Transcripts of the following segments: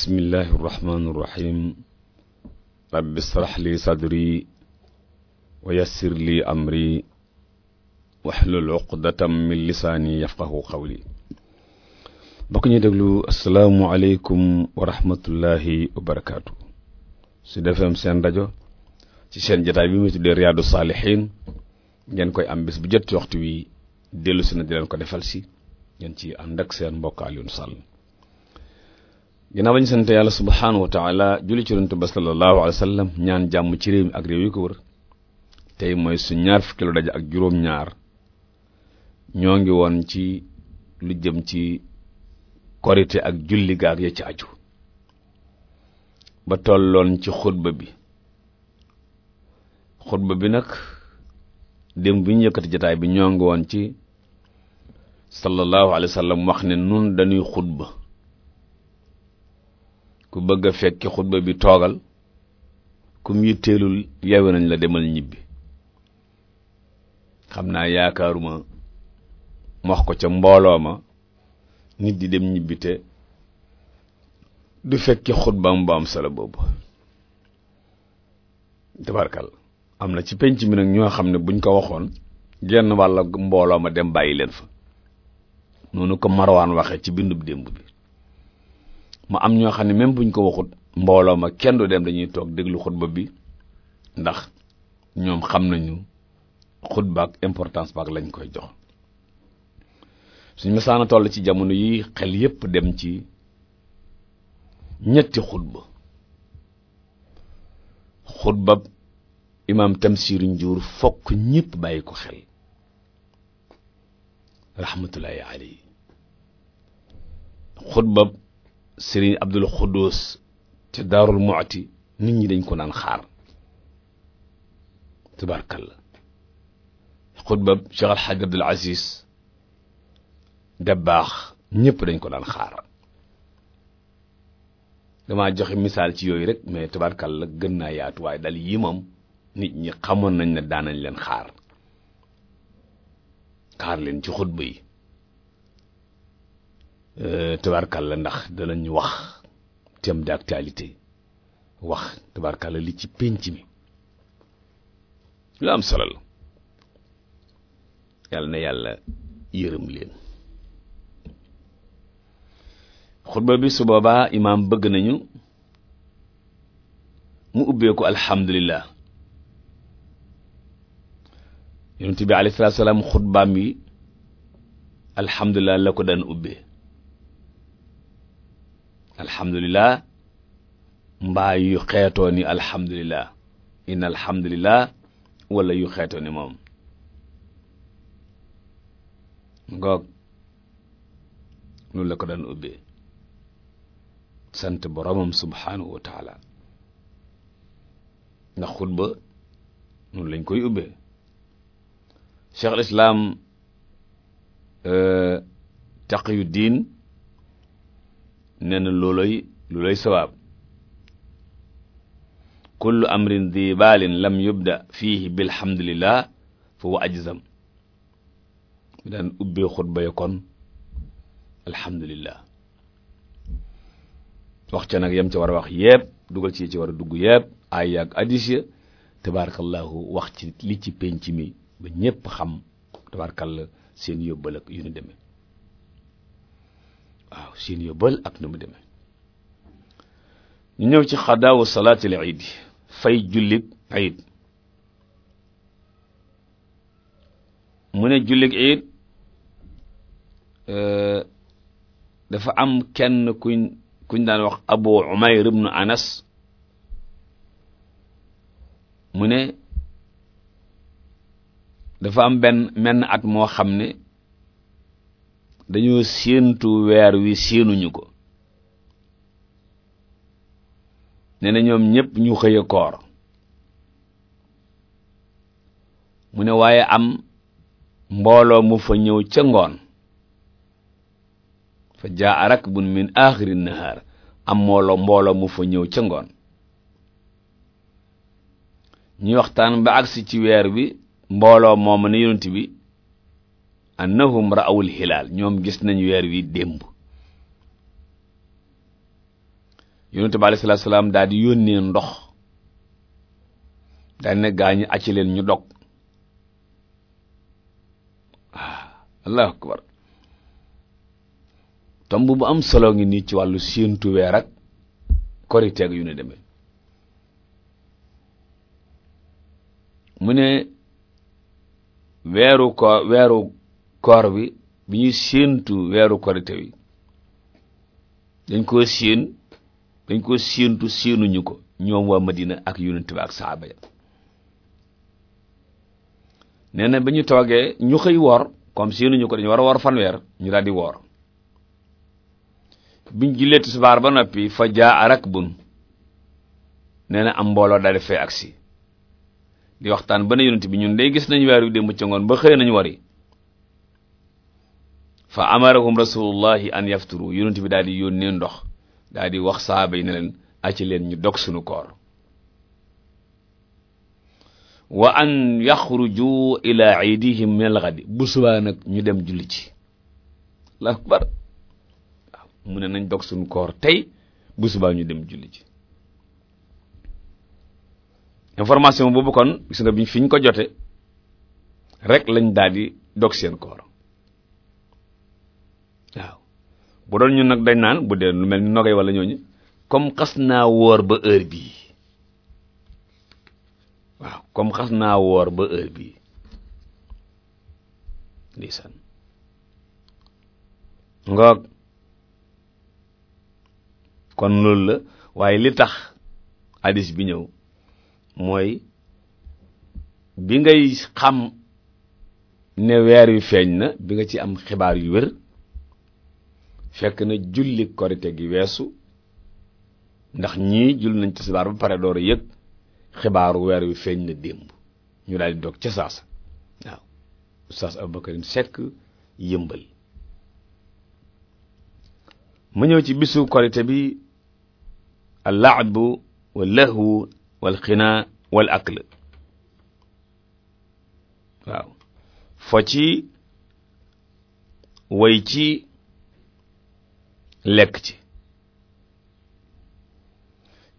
bismillahi irrahmani irrahim rabbi srax li sadri wa yassir li amri waxlul uqdatam min lisaani yafqahu qawli bokk ñuy déglu asalaamualeykum wa rahmatullahi wa su defeem seen rajo ci seen jataay bi mu tuddee riyaadu saalihiin ngeen koy am bés bu jot ci waxtu wi dellu si na di leen ko defal si ngeen ci ànd ak seen mbokk Alioune Sall ginnaaw ba sant yàlla subhaanahu wa taala julli ci yonent ba sallallahu alayhi wa sallam ñaan jàmm ci réew mi ak réew yi ko wër tey mooy su ñaar fukki lu daje ak juróom-ñaar ñoo ngi woon ci lu jëm ci korite ak julli gaag ya ci aju ba tolloon ci xutba bi xutba bi nag démb bi ñu yëkkati jataay bi ñoo ngi woon ci sallallahu alayhi wa sallam wax ne nun dañuy xutba ku bëgg a fekki xutba bi toogal kum yitteelul yewe nañ la demal ñibbi xam naa yaakaaruma wax ko ca mbooloo ma nit di dem ñibbi te du fekki xutbaam bu am solo boobu tabarkal am na ci penc mi nag ñoo xam ne buñ ko waxoon genn wàll mbooloo ma dem bàyyi leen fa noonu ko Marwaan waxe ci bindu démb bi mu am ñoo xam ne même buñ ko waxut mbooloo ma kenn du dem dañuy toog déglu xutba bi ndax ñoom xam nañu xutba ak importance baak lañ koy jox suñ masaana toll ci jamono yi xel yépp dem ci ñetti xutba xutba imaam Tamsiir Njuur fokk ñépp bàyyi ko xel rahmatullahi alayhi xutba Serigne Abdul Xuddus te Daarul Mu'ti nit ñi dañ ko naan xaar tabaarkalla xutba Cheikh Al Hadj Abdul Aziz Dabaax ñëpp dañ ko daan xaar damaa joxe misaal ci yooyu rek mais la gën naa yaatu waaye dal yi moom nit ñi xamoon nañ ne daanañ leen xaar xaar leen ci xutba yi Euh, la ndax danañ wax thème d'actualité wax tabarkalla li ci pénc mi lu am solo la yàlla na yàlla yërëm leen xutba bi su boobaa imaam bëgg nañu mu ubbeeku alhamdulillah yonent bi alayhi salaatu salaam xutbaam yi alhamdulillah la ko daan ubbee alhamdulilah mbaa yu xeetoo ni alhamdulilah inna walla yu xeetoo ni moom ngoog noonu la ko daan ubbee sant boromam subhaanahu wa taala ndax xutba noonu lañ koy ubbee cheikh al islam euh, diin nee na looloy looloy sawaab kullu amrin di lam yubda fiihi bilhamdulillah fa wa ajzam daan ubbee xutba ya kon alhamdulillah wax ca nag yam ca war a wax yépp dugal ci ci war a dugg yépp ay yaag addis ya tabaarakallahu wax ci li ci penc mi ba ñépp xam tabaarakallah seen yóbbal ak yu ñu demee waaw siin yóbbal ak nu mu demee ñu ñëw ci xadaawu ay iid fay jullig iid mu ne jullig iid e, dafa am kenn kuñ kuñ daan wax abu umayr ibnu anas mu ne dafa am benn menn at moo xam ne dañu séentu weer wi siinuñu ko nee na ñoom ñépp ñu xëya koor mu ne waaye am mbooloo mu fa ñëw ca ngoon fa jaa rakbun min aaxiri nahaar am mbooloo mbooloo mu fa ñëw ca ngoon ñuy waxtaan ba agsi ci weer wi mbooloo moom ne yonent bi annahum ra'awul hilaal ñoom gis nañu weer wi démb yonente bi alayhi salaatu salaam daal di yónnee ndox daal ne gaa ñi acci leen ñu dog ah, allahu akbar tomb bu am solo ngi nii ci wàllu séentu weer ak koriteeg yu ne demee mu ne weeru ko weeru koor bi bi ñuy séentu weeru korite wi dañ koo séen dañ koo séentu séenuñu ko ñoom waa dina ak yonent bi ak saaba ya nee na bi ñu toogee ñu xëy woor comme séenuñu ko dañu war a woor fanweer ñu daal di woor biñ jullee tisbaar ba noppi fa jaa rakbun nee na am mbooloo daal di fay agsi di waxtaan ba ne yonent bi ñun day gis nañu weer wi démb ca ngoon ba xëy nañ wari fa amarahum rasulullahi an yafturu yonent bi daal di yónnee ndox daal di wax saaba yi ne leen aci leen ñu dog sunu koor wa an yaxruju ila iidihim min nag ñu dem julli ci la waaw mu ne nañ dog sunu koor tey bu subaa ñu dem julli ci information boobu kon gis nga biñ fi ñu ko jote rek lañ daal di dog seen koor bu doon ñu nag dañ naan bu dee lu mel ni nogay wala ñooñu comme xas naa woor ba heure bii xas naa woor ba heure bii ngoog kon loolu la waaye li tax hadis bi ñëw mooy bi ngay xam ne weer yu feeñ na bi nga ci am xibaar yu wér fekk na julli korite gi weesu ndax ñii jul nañ tisbaar ba pare door a yëg xibaaru weer wi feeñ na démb ñu daal di dog ca saasa waaw oustaz Aboubacarim Seck yëmbal mu ñëw ci bisu korite bi al laabu wal lahwu wal xinaa wal akl waaw fo ci way ci lekk ci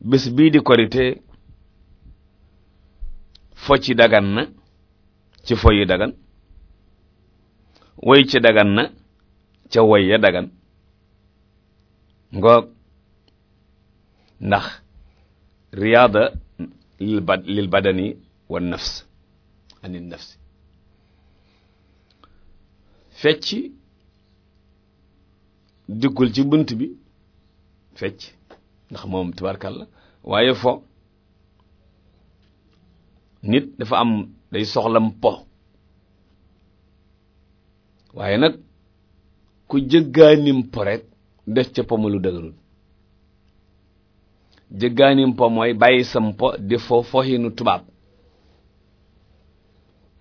bés bii di korite fo ci dagan na ci fo yi dagan woy ci dagan na ca woy ya dagan ngoog ndax riyaada lil bad lil badani wa nafs anil nafsi fecc dikkul ci bunt bi fecc ndax moom tubaarkàlla waaye fo nit dafa am day soxlam po waaye nag ku jëggaanim po rek def ca po ma lu dëgërul jëggaanim po mooy bàyyi sam po di fo foxinu tubaab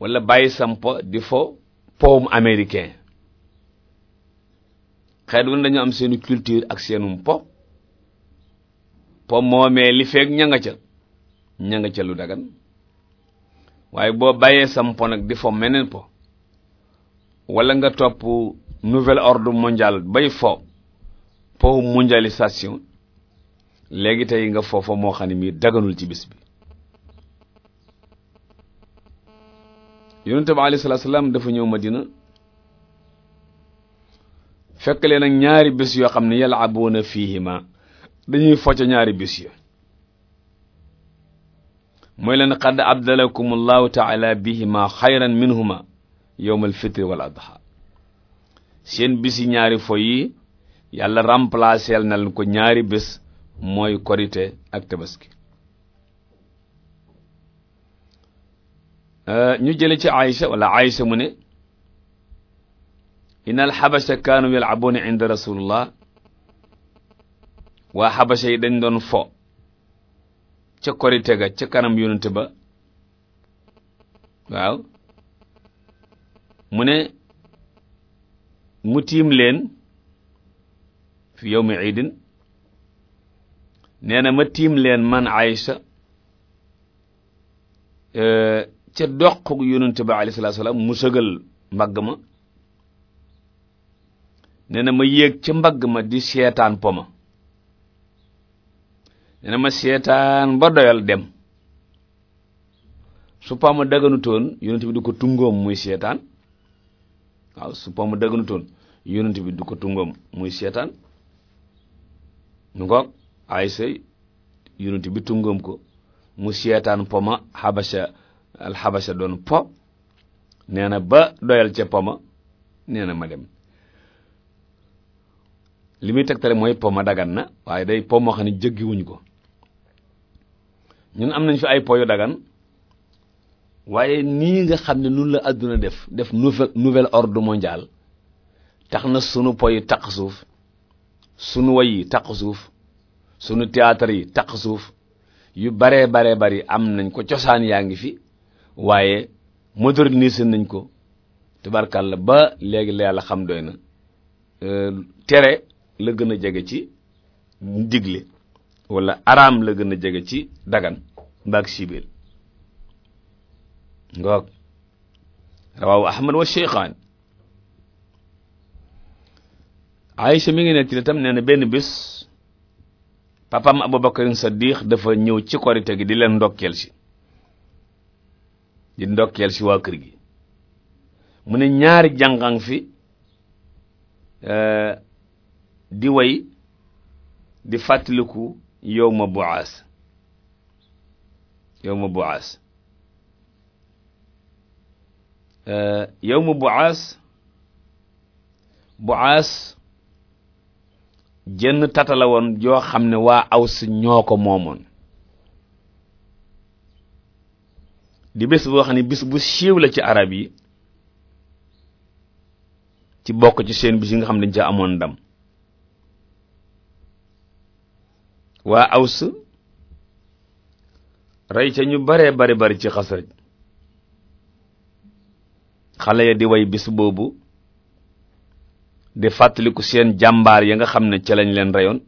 wala bàyyi sam po di fo powum américain xeet wu ne dañu am seeni culture ak seenum po po moomee li feeg ña nga ca ña nga ca lu dagan waaye boo bàyyee sam po nag di fo meneen po wala nga topp nouvel ordre mondial bay fo po mondialisation léegi tey nga foofa moo xam ne mii daganul ci bis bi yonente bi alayhi salaam dafa ñëw Madina fekk leen ak ñaari bés yoo xam ne yalabuuna fiihima dañuy focc ñaari bés ya mooy leen qad abdalakum allahu taala bihima xayran minhuma yowma alfitri wal adha seen bisi ñaari fo yi yàlla remplacer na ko ñaari bés mooy korite ak tabaski euh, ñu jële ci Aïcha wala Aïcha mu ne inal xabasa kaanu yalcabuuna inda rasulillah waa xabasa yi dañ doon fo ca korite ga ca kanam yonent ba waaw mu ne mu tiim leen fi yawmi iidin nee na ma tiim leen man Aysa euh, ca doqug yonent ba alayhi salaatu wa salaam mu sëgal mbagg ma nee na ma yéeg ca mbagg ma di seetaan po ma ma seetaan ba doyal dem su po ma daganutoon yonent bi du ko tungoom muy seetaan waaw su po ma daganutoon yonent bi du ko tungoom muy ko mu seetaan po ma xabasa po nee na ba doyal ca poma ma nee ma dem li muy teg tegtale mooy po ma dagan na waaye day po moo xam ne jëggiwuñ ko ñun am nañ fi ay po yu dagan waaye nii nga xam ne nun la àdduna def def nouvelle nouvel ordre mondial tax na sunu po yi taq suuf sunu woy yi taq suuf sunu théâtre yi taq suuf yu baree baree bari am nañ ko cosaan yaa ngi fi waaye moderniser nañ ko tubarkalla ba léegi la yàlla xam doy na euh, tere la gën a jege ci digle walla araam la gën a jege ci dagan mbaag sibir ngoog rawaawu ahmad wa sheykhaan Aïcha mi ngi nekk ci tam nee benn bis papam Abubakarin Saddiq dafa ñëw ci korite gi di leen ndokkeel si di ndokkeel si waa kër gi mu ne ñaari jànqang fi eh, di way di fàttaliku yawma bu'as yawma bu'as euh, yawma bu'as bu'as bu tata jenn woon joo xam ne waa aws ñoo ko moomoon di bés boo xam ne bis bu siiw la ci arab yi ci bokk ci seen bis yi nga xam ne dañ ca amoon ndam waa aws rey ca ñu baree bari bari ci xasraj xale ya di way bis boobu di fàttaliku seen jàmbaar ya nga xam ne ca lañ leen reyoon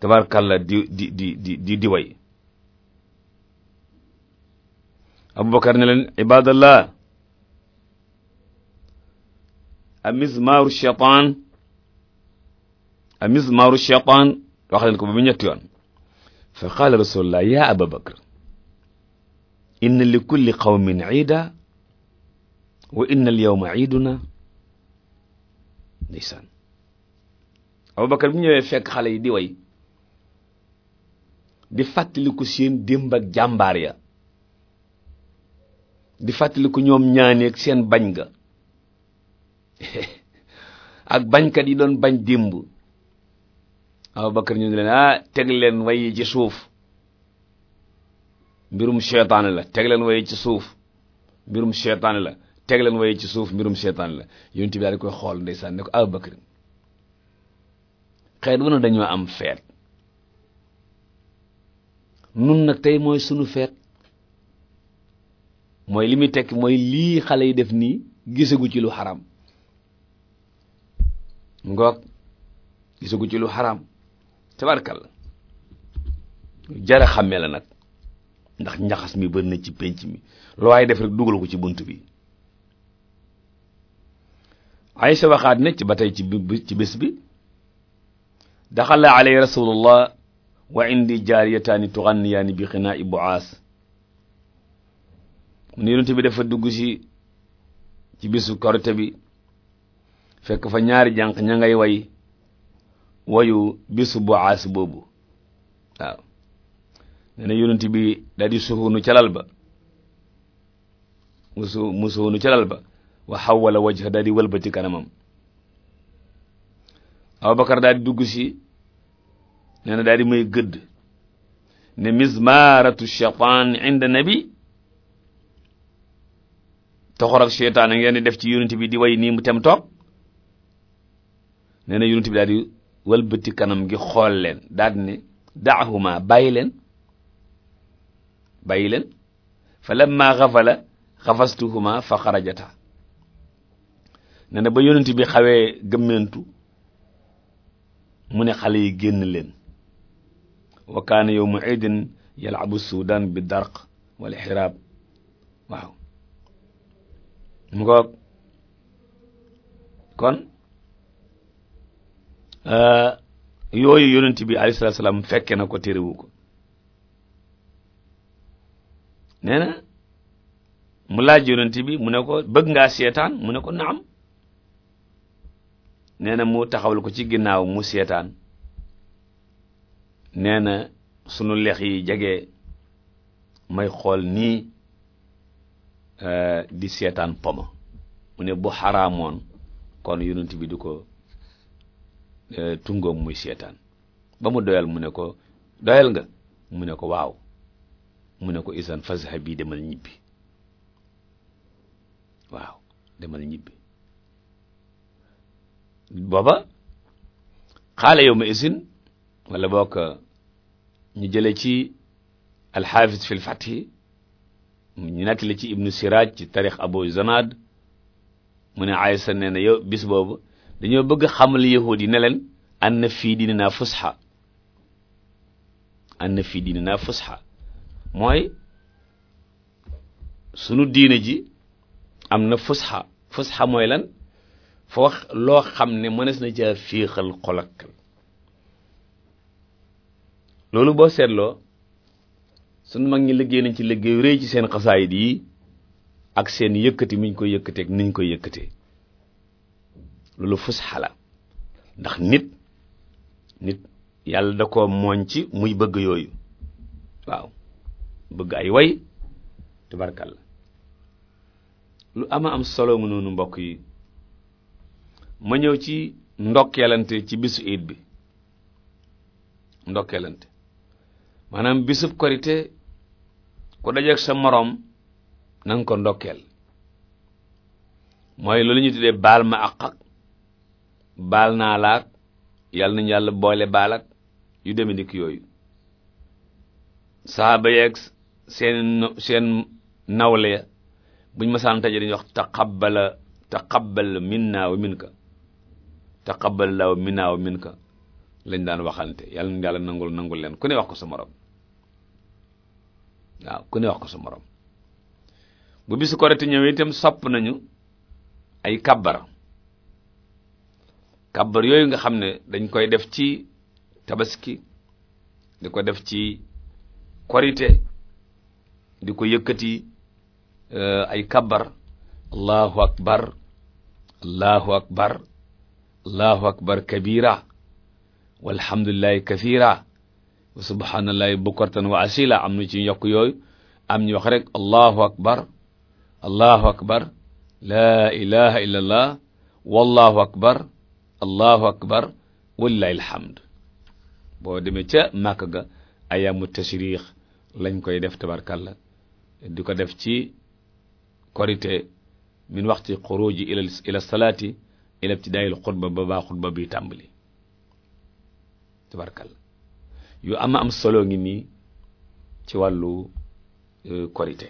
tabarkàlla di di di di di di way abubakar ne leen ibadallah amizmaru shaytaan a mismaru shaytaan wax leen ko ba mu ñetti fa qaala rasulullah ya aba bakr inna li kulli qawmin iida wa inna al yawma iiduna ndeysaan abubakar bi ñëwee fekk xale yi di way di fàttaliku seen démb ak jàmbaar ya di fàttaliku ñoom ñaaneeg seen bañ ga ak bañkat yi doon bañ démb Abubakar ñu ne leen ah teg leen way ci suuf mbirum seytaane la teg leen way ci suuf mbirum seytaane la teg leen way ci suuf mbirum seytaane la yonent bi daal di koy xool ndeysaan ne ko Abubakar xeet wu ne dañoo am feet nun nag tey mooy sunu feet mooy li muy tekk mooy lii xale yi def nii gisagu ci lu xaram ngoog gisagu ci lu xaram tabarkal jara xàmmee la nag ndax njaxas mi bari na ci pénc mi loo waaye def rek dugal ko ci bunt bi Aysa waxaat ne ci ba tey ci bis bi daxala alay rasulullah wa indi jaariyataani tuxanniyaani bi xinaa i buaas mu ne yonent bi dafa dugg si ci bésu korite bi fekk fa ñaari jànq ña ngay way wayu bisu bu aas boobu waaw nee na bi daal di suhuunu ba musu mu suhuunu calal ba wa xawala wajha daal di wëlbati kanamam Abubakar daal di dugg si nee na daal di may gëdd ne mizmaratu shaytaan inda nabi toxor ak seytaan ngeen di def ci yonent bi di way nii mu tem toog nee na bi daal walbati kanam gi xool leen daal ne daahuma bàyyi leen bàyyi leen fa lamma xafala xafastuhuma fa xarajata ne na ba bi xawee gëmmentu mu ne xale yi génn leen wa kaana yawma idin yalabu sudan bi darq wal xiraab mu ko kon Euh, yooyu yonent bi alayhi salaatu salaam fekke na ko téerewu ko nee mu laaj yonent bi mu ne ko bëgg ngaa seetaan mu ne ko naam nee na mu taxawal ko ci ginnaaw mu seetaan nee na sunu lex yi jege may xool nii euh, di seetaan poma mu ne bu xaraamoon kon yonent bi du ko Eh, tungoom muy seetaan ba mu doyal mu ne ko doyal nga mu ne ko waaw mu ne ko isan fasaxa bii demal ñibbi waaw demal ñibbi booba xaala yow ma isin wala bokk ñu jële ci alxaafis fi ñi ñu nettali ci ibnu siraaj ci tarix abu zanad mu ne aysa nee na yow bis boobu dañoo bëgg xamal yahuud yi ne leen an na fii diininaa fusxa an na fii diininaa fusxa mooy sunu diine ji am na fusxa fusxa mooy lan fa loo xam ne mënees na caa fiixal xol loolu boo seetloo sunu mag ñi liggéey nañ ci liggéey rëy ci seen xasaayit yi ak seen yëkkati muñ ñu koy yëkkatee ak ni koy yëkkatee loolu fusxa la ndax nit nit yàlla da koo mooñ ci muy bëgg yooyu waaw bëgg ay way tubarkalla lu ama am solo mu noonu mbokk yi ma ñëw ci ndokkeelante ci bisu iid bi ndokkeelante maanaam bisub korite ku dajeek sa moroom nanga ko ndokkeel mooy loolu ñu tuddee baal ma àq ak baal naa laak yàlla nañu yàlla boole baalak yu deme ni yooyu saaba yeeg seen nawle ya buñ masaan taje dañuy wax taqabbala taqabbal minna wa minka taqabbal la wa minna wa minka lañ daan waxante yàlla nañu nangul nangul leen ku ne wax ko sa moroom waaw ku ne wax ko sa morom bu bisu korite ñëwee itam sopp nañu ay kabbara kàbbar yooyu nga xam ne dañ koy def ci tabaski di ko def ci korite di ko yëkkati euh, ay kàbbar allahu akbar allahu akbar allahu akbar kabira walhamdulillahi kathira wa subhanallahi bukratan wa asila am na ci yokk yooyu am ñu wax rek akbar allahu akbar la ilaha illallah wallahu akbar allahu akbar walilahi alhamd boo demee ca màkk ga ayamu tashrix lañ koy def tabarkalla di ko def ci korite min waxti xuruji ila ila salaati ila ibtidaayil xutba ba baa xutba bi tàmbali tabarkalla yu ama am solo ngi nii ci wàllu euh, korite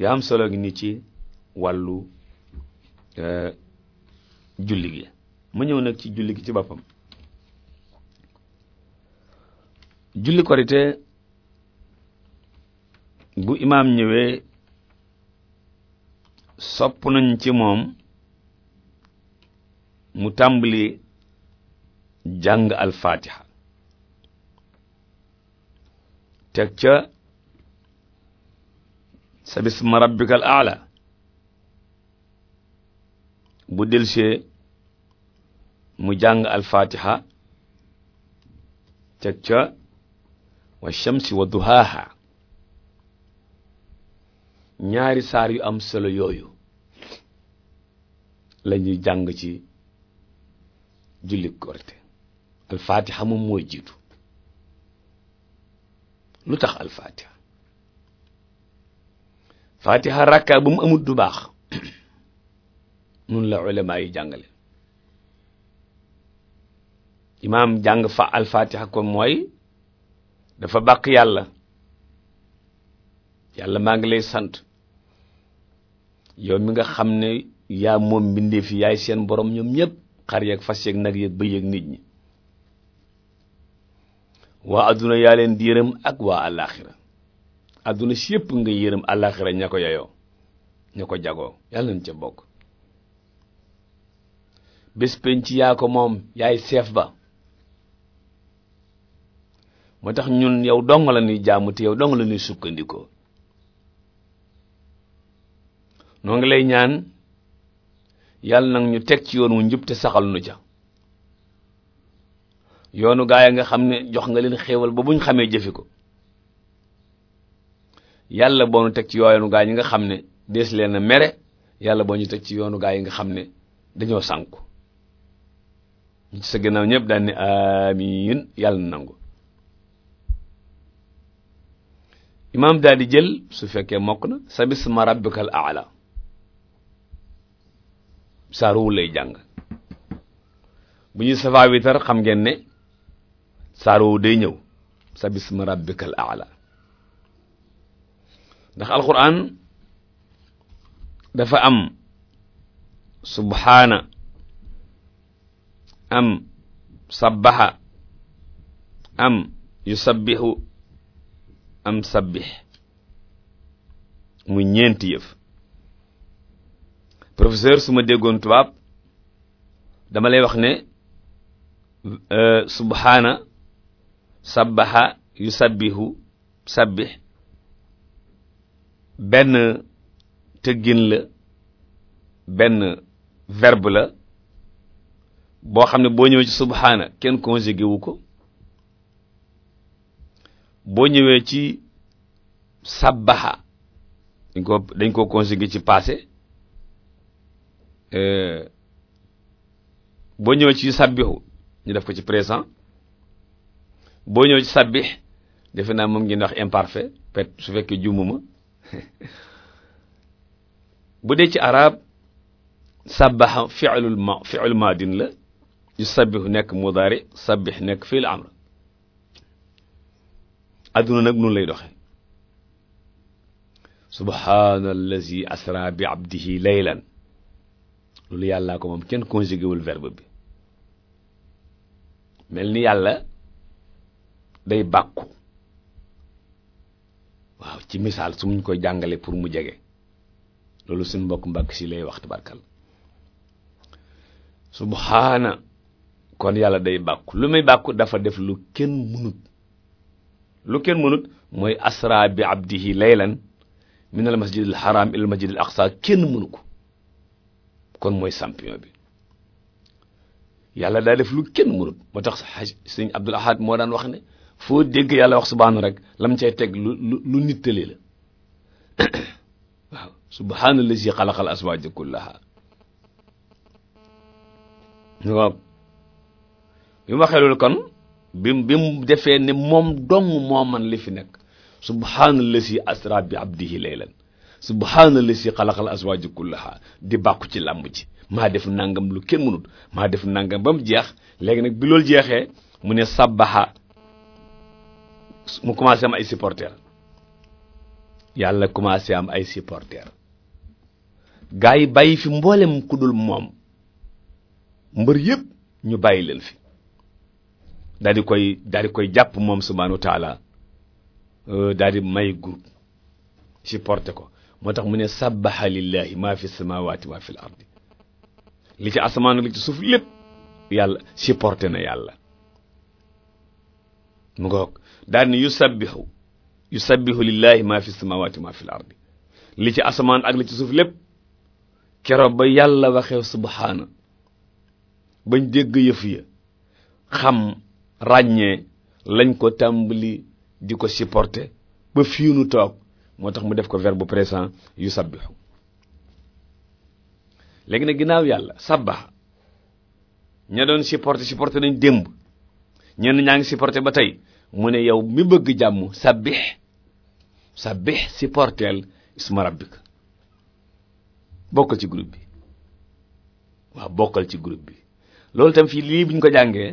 yu am solo ngi nii ci wàllu euh, julli gi mu ñëw nag ci julli gi ci boppam julli korite bu imaam ñëwee sopp nañ ci moom mu tàmbali jàng alfaatiha teg ca sabisma rabbikal aala bu delsee mu jàng alfaatiha teg ca wa shamsi wa duhaaha ñaari saar yu am solo yooyu la ñuy jàng ci julli korite alfaatiha moom mooy jiitu lu tax alfaatiha faatiha rakka bu mu amut du baax nun la ulama yi jàngale imaam jàng fa alfaatiha kon mooy dafa bàq yàlla yàlla maa ngi lay sant yow mi nga xam ne yaa moom mbindee fi yaay seen borom ñoom ñëpp xar yeeg fas yeeg nag yeeg bëy yeeg nit ñi waa adduna yaa leen di yërëm ak waa àllaaxira adduna si yëpp nga yërëm àllaaxira ña ko yayoo ña ko jagoo yàlla nañ ca bokk bés penc yaa ko moom yaay seef ba moo tax ñun yow dong la ñuy jàmm te yow dong la ñuy sukkandikoo noo ngi lay ñaan yàlla nag ñu teg ci yoon wu njub te saxal nu ja yoonu gaay nga xam ne jox nga leen xéewal ba buñ xamee jëfe ko yàlla boo teg ci yoonu gaay yi nga xam ne dees leen a mere yàlla boo ñu teg ci yoonu gaay yi nga xam ne dañoo sànku ñu ci sa ginnaaw ñëpp daan ne amiin yàlla nangu imaam daal di jël su fekkee mokk na sa bisma rabbikal aala saaru lay jàng bu ñu safaa witar xam ngeen ne saaru day ñëw sa bisma rabbikal aala ndax alquran dafa am subhaana am sabbaxa am yu yusabbihu am sabbih mu ñeenti yëf professeur su ma déggoon tubaab dama lay wax ne euh, subhaana yu yusabbihu sabbih benn tëggin la benn verbe la boo xam ne boo ñëwee ci subhaana kenn conjugué wu ko boo ñëwee ci sabbaha dañ ko dañ koo conjugué ci passé euh, boo ñëwee ci sabbihu ñu def ko ci présent boo ñëwee ci sabbih defe naa moom ngeen wax imparfait peut su fekkee jumuma bu dee ci arab sabbaha fi'lul ma fi'lul maadin la yu sabbihu nekk mudaari sabbih nekk fii fi'l amr adduna nag noonu lay doxe subhaana allazi asra bi abdihi laylan loolu yàllaa ko moom kenn conjugué wul verbe bi mel ni yàlla day bàkku waaw ci misaal su muñ koy jàngalee pour mu jege loolu suñ mbokk mbàkk si lay wax tabarkal subhaana kon yàlla day bàkku lu muy bàkku dafa def lu kenn munut lu kenn mënut mooy asra bi abdihi laylan min al masjid al haram ila al masjid al aqsa kenn mënu ko kon mooy champion bi yàlla daa def lu kenn mënut moo tax sëñ Abdul Ahad moo daan wax ne foo dégg yàlla wax subhaana rek lam cay teg lu lu nittalee la waaw subhaana lazi xalaqal azwaaja kullaha ñu ma waxee kon bi mu bi mu defee ni moom dong moo man li fi nekk subhaanallazi asra bi abdihi laylan subhaanallazi xalaqal azwaaja kullaha di bàkku ci làmb ji maa def nangam lu kenn mënut maa def nangam ba mu jeex léegi nag bi loolu jeexee mu ne sabbaha mu commencé am ay supporters yàlla commencé am ay supporters gars yi bàyyi fi mboolem ku dul moom mbër yëpp ñu bàyyi leen fi daal koy daal koy jàpp moom subhaanahu wa taala euh, daal di may groupe supporté ko moo tax mu ne sabbaha lillahi maa fi samawati maa fi l ardi li ci asamaan li ci suuf lépp yàlla supporté na yàlla mu nga xoog daal ni yusabbihu yusabbihu lillahi maa fi samawati maa fi li ci asamaan ak li ci suuf lépp keroog ba yàlla waxee subhaana bañ dégg yëf ya ràññee lañ ko tàmbali di ko supporter ba fii toog moo tax mu def ko verbe présent yu sabbihu léegi nag ginnaaw yàlla sabbaha ña doon supporter supporter nañ démb ñenn ñaa ngi supporter ba tey mu ne yow mi bëgg jàmm sabbih sabbih supporteel isma rabbika bokkal ci groupe bi waaw bokkal ci groupe bi loolu tam fii lii bu ko jàngee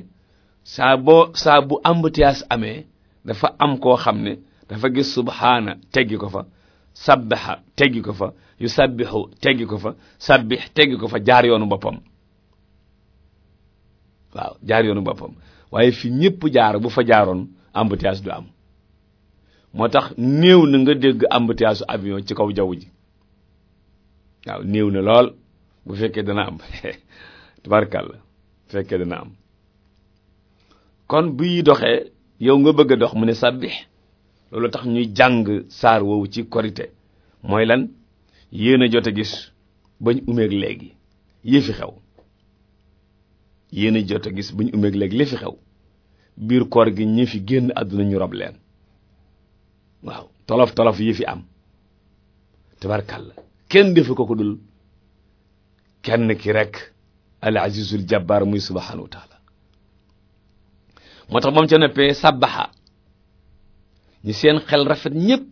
saa boo saa bu embouteillage amee dafa am koo xam ne dafa gis subhaana teggi ko fa sabbaha teggi ko fa yu yusabbihu teggi ko fa sabbih teggi ko fa jaar yoonu boppam waaw jaar yoonu boppam waaye fi ñépp jaar bu fa jaaroon embouteillage du am moo tax néew na nga dégg embouteillage avion ci kaw jaww ji waaw néew na lool bu fekkee dana am tubarkàlla bu fekkee dana am kon buy doxee yow nga bëgg a dox mu ne sabbih loolu tax ñuy jàng saar woowu ci korité mooy lan yéen a jot a gis bañ umeeg léegi yi fi xew yéen jot a gis bañ umeeg léegi li fi xew biir koor gi ñi fi génn àdduna ñu rob leen waaw tolof tolof yi fi am tabarkàlla kenn defu ko ko dul kenn ki rek al azizul jabbar muy subhanahu wa moo tax moom mu ca noppee sàbbaxa ñi seen xel rafet ñépp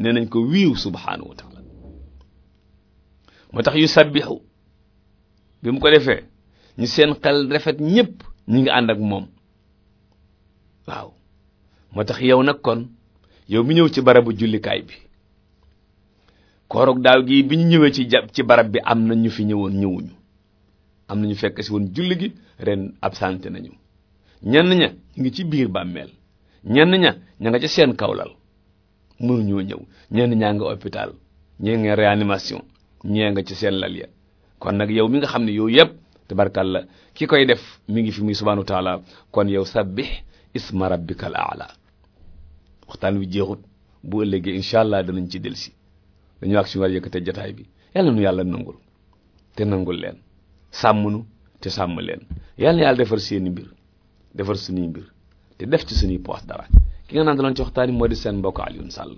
nee nañ ko wiiw subhaanahu wa taala moo tax yu sabbixu bi mu ko defee ñi seen xel rafet ñépp ñu ngi ànd ak moom waaw moo tax yow nag kon yow mi ñëw ci barabu jullikaay bi koorog daaw gi bi ñu ñëwee ci jàpp ci barab bi am na ñu fi ñëwoon ñëwuñu am na ñu fekk si woon julli gi ren absenté nañu ñenn ña ñu ngi ci biir bàmmeel ñenn ña ña nga ci seen kawlal mënuñoo ñëw ñenn ñaa nga hôpital ñee nga réanimation ñee nga ci seen lal ya kon nag yow mi nga xam ne yow yëpp la ki koy def mi ngi fi muy subhanahu wa kon yow sabbih isma rabbikal a'la waxtaan wi jeexut bu ëllëgee incha allah danañ ci delsi dañu ak si suñu war yëkkate jotaay bi yàlla nu yàlla nangul te nangul leen sàmm nu te sàmm leen yàlla na yàlla defar seeni mbir defar suñuy mbir te def ci suñuy poos dara ki nga naan daloon ci waxtaan moo di seen mbokk Alioune Sall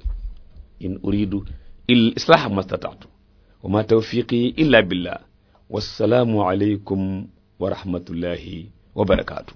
in uridu il islaha mastata'tu wa ma tawfiqi illa billah wassalaamu aleykum wa rahmatullahi wa barakaatu